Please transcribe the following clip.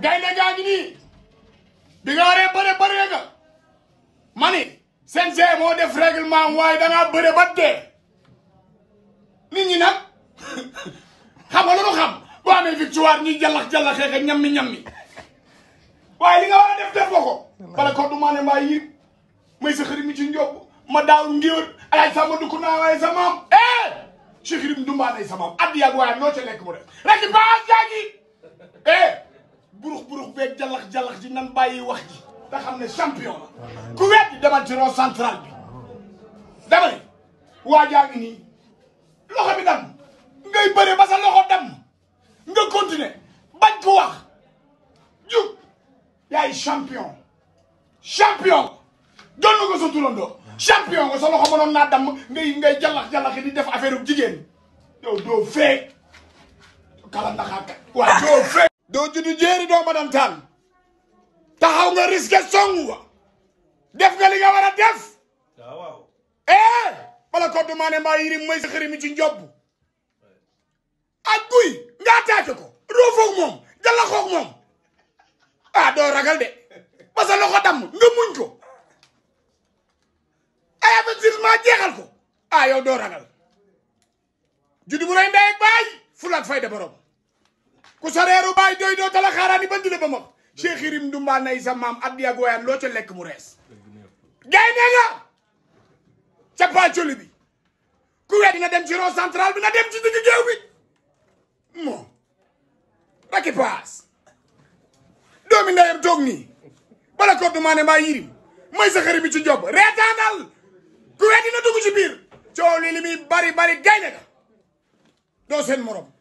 gaynde gaa ngi nii bi nga waree bëre bëre nga ma ni CNG moo def règlement am waaye dangaa bëre ba dee nit ñi nag xam nga loolu xam boo amee victoire ñuy jallax-jallaxee ka ñammi ñammi waaye li nga war def def nga ko bala ko du maa ne may sa mi ci njob ma daaw ngéwér alaaj sama dugg naa waaye sa maam eh Cheikh Ibrahima Dumbaane sa maam addi waaye noo ca lekk mu def rek baas jaagi beeg jalax jalax ji nan bàyyi wax ji te xam ne champion la ku weddi demal ci rond central bi dama waa jaa ngi nii loxo bi dam ngay bëre ba sa loxo dam nga continuer bañ ko wax jug yaay champion champion doon na ko sa turandoo champion nga sa loxo mënoon naa damm ngay ngay jalax jalax def affaire jigéen yow doo fee kala ndaxaaka waaw doo fee doo juddu jéeri doo ma dantaan taxaw nga risque songu def nga li nga def ee eh, bala koddu maa ne may sa xëri mi ci njobb ak nga attaqué ko roofoog moom jalla xoog moom ah doo ragal de ba sa loxo nga muñ ko ay avertissement jeexal ko ah yow doo ragal juddu bu rey ndey ak baay fulaak fayda borom ku sa reeru baay doy doo tala xaaraani ba ba mop cheikh irim dumba nay sa maam addiya gooyaan loo ca lekk mu rees gay ne ca paacoli bi ku wet na dem ci rond central bi na dem ci digg géew bi moom raki paas doomi ndeyam toog nii bala ko dumaa ne maa yirim may sa bi ci job reetaanal ku wet na dugg ci biir coow bari bari gay ne doo seen morom